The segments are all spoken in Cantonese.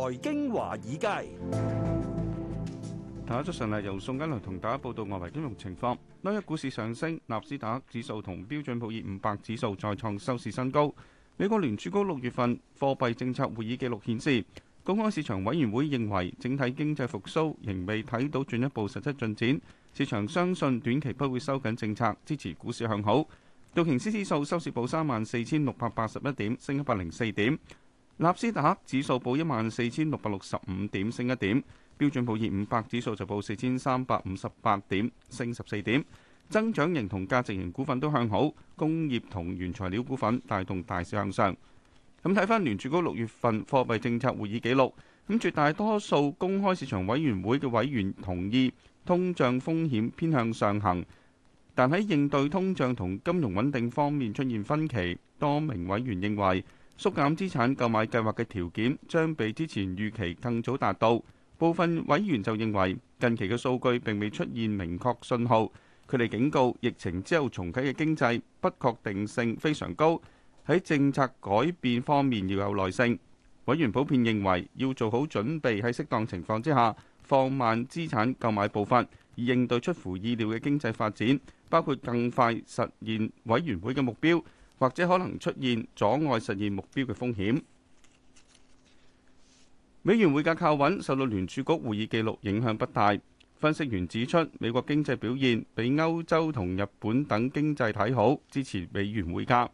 財經華爾街，大家早上好，由宋恩良同大家報道外圍金融情況。當日股市上升，納斯達克指數同標準普爾五百指數再創收市新高。美國聯儲局六月份貨幣政策會議記錄顯示，公開市場委員會認為整體經濟復甦仍未睇到進一步實質進展，市場相信短期不會收緊政策，支持股市向好。道瓊斯指數收市報三萬四千六百八十一點，升一百零四點。納斯達克指數報一萬四千六百六十五點，升一點；標準普爾五百指數就報四千三百五十八點，升十四點。增長型同價值型股份都向好，工業同原材料股份帶動大市向上。咁睇翻聯儲局六月份貨幣政策會議記錄，咁絕大多數公開市場委員會嘅委員同意通脹風險偏向上行，但喺應對通脹同金融穩定方面出現分歧，多名委員認為縮減資產購買計劃嘅條件將比之前預期更早達到。部分委員就認為近期嘅數據並未出現明確信號，佢哋警告疫情之後重啟嘅經濟不確定性非常高。喺政策改變方面要有耐性。委員普遍認為要做好準備喺適當情況之下放慢資產購買步伐，以應對出乎意料嘅經濟發展，包括更快實現委員會嘅目標。或者可能出現阻礙實現目標嘅風險。美元匯價靠穩，受到聯儲局會議記錄影響不大。分析員指出，美國經濟表現比歐洲同日本等經濟睇好，支持美元匯價。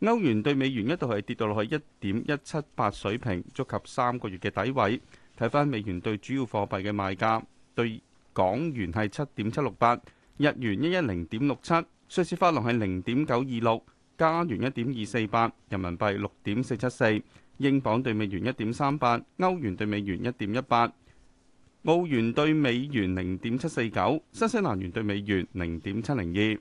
歐元對美元一度係跌到落去一點一七八水平，觸及三個月嘅底位。睇返美元對主要貨幣嘅賣價，對港元係七點七六八，日元一一零點六七，瑞士法郎係零點九二六。加元一點二四八，人民幣六點四七四，英鎊對美元一點三八，歐元對美元一點一八，澳元對美元零點七四九，新西蘭元對美元零點七零二。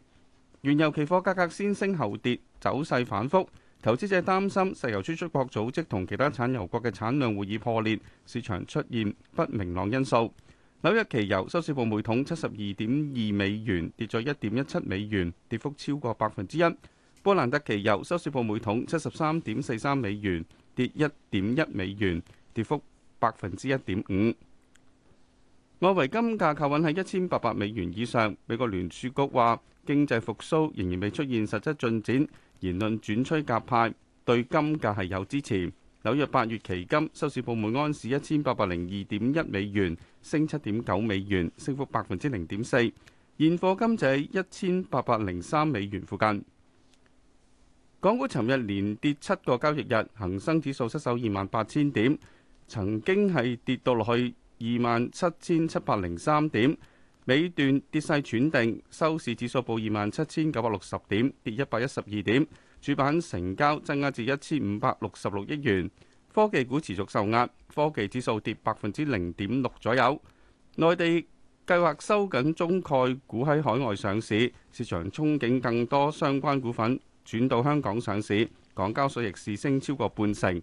原油期貨價格先升後跌，走勢反覆。投資者擔心石油輸出國組織同其他產油國嘅產量會議破裂，市場出現不明朗因素。紐約期油收市報每桶七十二點二美元，跌咗一點一七美元，跌幅超過百分之一。波蘭德期油收市報每桶七十三點四三美元，跌一點一美元，跌幅百分之一點五。外圍金價靠穩喺一千八百美元以上。美國聯儲局話經濟復甦仍然未出現實質進展，言論轉趨鴿派，對金價係有支持。紐約八月期金收市報每安士一千八百零二點一美元，升七點九美元，升幅百分之零點四。現貨金就喺一千八百零三美元附近。港股尋日連跌七個交易日，恒生指數失守二萬八千點，曾經係跌到落去二萬七千七百零三點，尾段跌勢斷定，收市指數報二萬七千九百六十點，跌一百一十二點，主板成交增加至一千五百六十六億元。科技股持續受壓，科技指數跌百分之零點六左右。內地計劃收緊中概股喺海外上市，市場憧憬更多相關股份。轉到香港上市，港交所逆市升超過半成。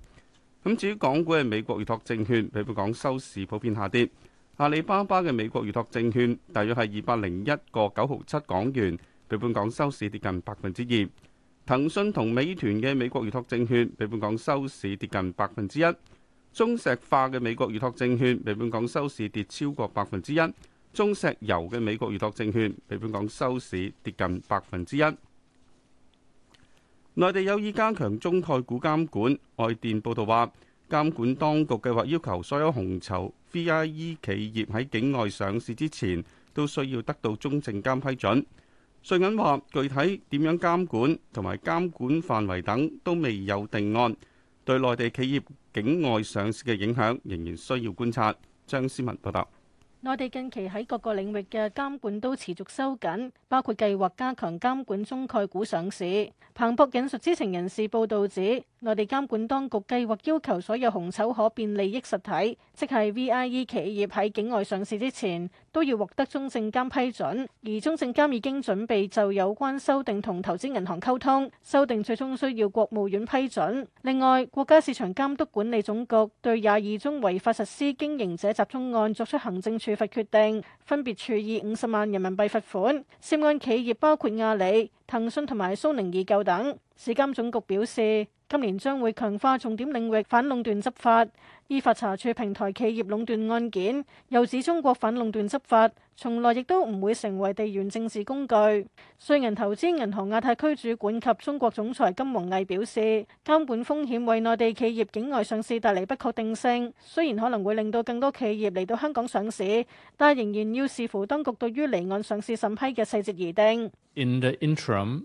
咁至於港股嘅美國預託證券，比本港收市普遍下跌。阿里巴巴嘅美國預託證券大約係二百零一個九毫七港元，比本港收市跌近百分之二。騰訊同美團嘅美國預託證券，比本港收市跌近百分之一。中石化嘅美國預託證券，比本港收市跌超過百分之一。中石油嘅美國預託證券，比本港收市跌近百分之一。內地有意加強中概股監管，外電報道話，監管當局計劃要求所有紅籌 VIE 企業喺境外上市之前，都需要得到中證監批准。瑞銀話，具體點樣監管同埋監管範圍等都未有定案，對內地企業境外上市嘅影響仍然需要觀察。張思文報道。我哋近期喺各個領域嘅監管都持續收緊，包括計劃加強監管中概股上市。彭博引述知情人士報道指。內地監管當局計劃要求所有紅籌可變利益實體，即係 VIE 企業喺境外上市之前，都要獲得中證監批准。而中證監已經準備就有關修訂同投資銀行溝通，修訂最終需要國務院批准。另外，國家市場監督管理總局對廿二宗違法實施經營者集中案作出行政處罰決定，分別處以五十萬人民幣罰款。涉案企業包括阿里、騰訊同埋蘇寧易購等。市監總局表示。今年將會強化重點領域反壟斷執法，依法查處平台企業壟斷案件。又指中國反壟斷執法從來亦都唔會成為地緣政治工具。瑞銀投資銀行亞太區主管及中國總裁金弘毅表示，監管風險為內地企業境外上市帶嚟不確定性。雖然可能會令到更多企業嚟到香港上市，但仍然要視乎當局對於離岸上市審批嘅細節而定。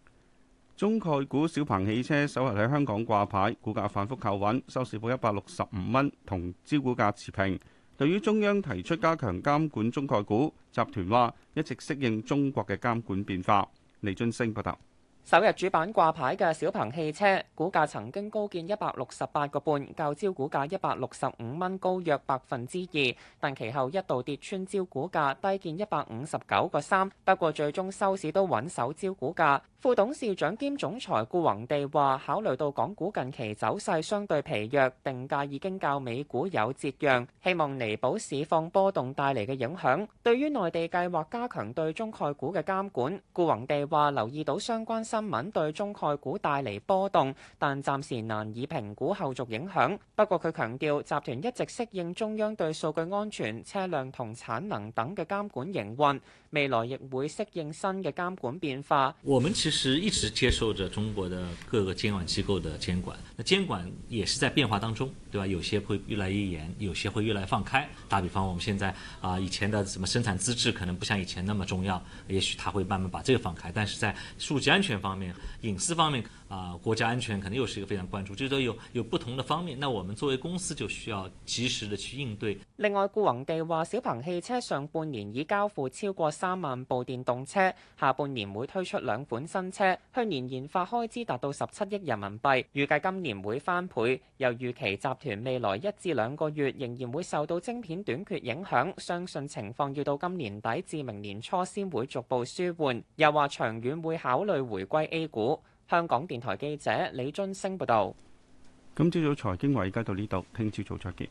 中概股小鵬汽車首日喺香港掛牌，股價反覆靠穩，收市報一百六十五蚊，同招股價持平。對於中央提出加強監管中概股集團話一直適應中國嘅監管變化。李津升報道。首日主板掛牌嘅小鵬汽車股價曾經高見一百六十八個半，較招股價一百六十五蚊高約百分之二，但其後一度跌穿招股價低見一百五十九個三，不過最終收市都穩守招股價。副董事長兼總裁顧宏地話，考慮到港股近期走勢相對疲弱，定價已經較美股有折讓，希望彌補市況波動帶嚟嘅影響。對於內地計劃加強對中概股嘅監管，顧宏地話留意到相關。新聞對中概股帶嚟波動，但暫時難以評估後續影響。不過，佢強調集團一直適應中央對數據安全、車輛同產能等嘅監管營運，未來亦會適應新嘅監管變化。我們其實一直接受着中國的各個監管機構的監管，那監管也是在變化當中，對吧？有些會越來越嚴，有些會越來越放開。打比方，我們現在啊，以前的什麼生產資質可能不像以前那麼重要，也許他會慢慢把這個放開，但是在數據安全，方面，隱私方面，啊，國家安全肯定又是一個非常關注，就是有有不同的方面，那我們作為公司就需要及時的去應對。另外，顧宏地話，小鵬汽車上半年已交付超過三萬部電動車，下半年會推出兩款新車，去年研發開支達到十七億人民幣，預計今年會翻倍。又預期集團未來一至兩個月仍然會受到晶片短缺影響，相信情況要到今年底至明年初先會逐步舒緩。又話長遠會考慮回。歸 A 股。香港電台記者李俊升報道。今朝早財經華爾街到呢度，聽朝早再見。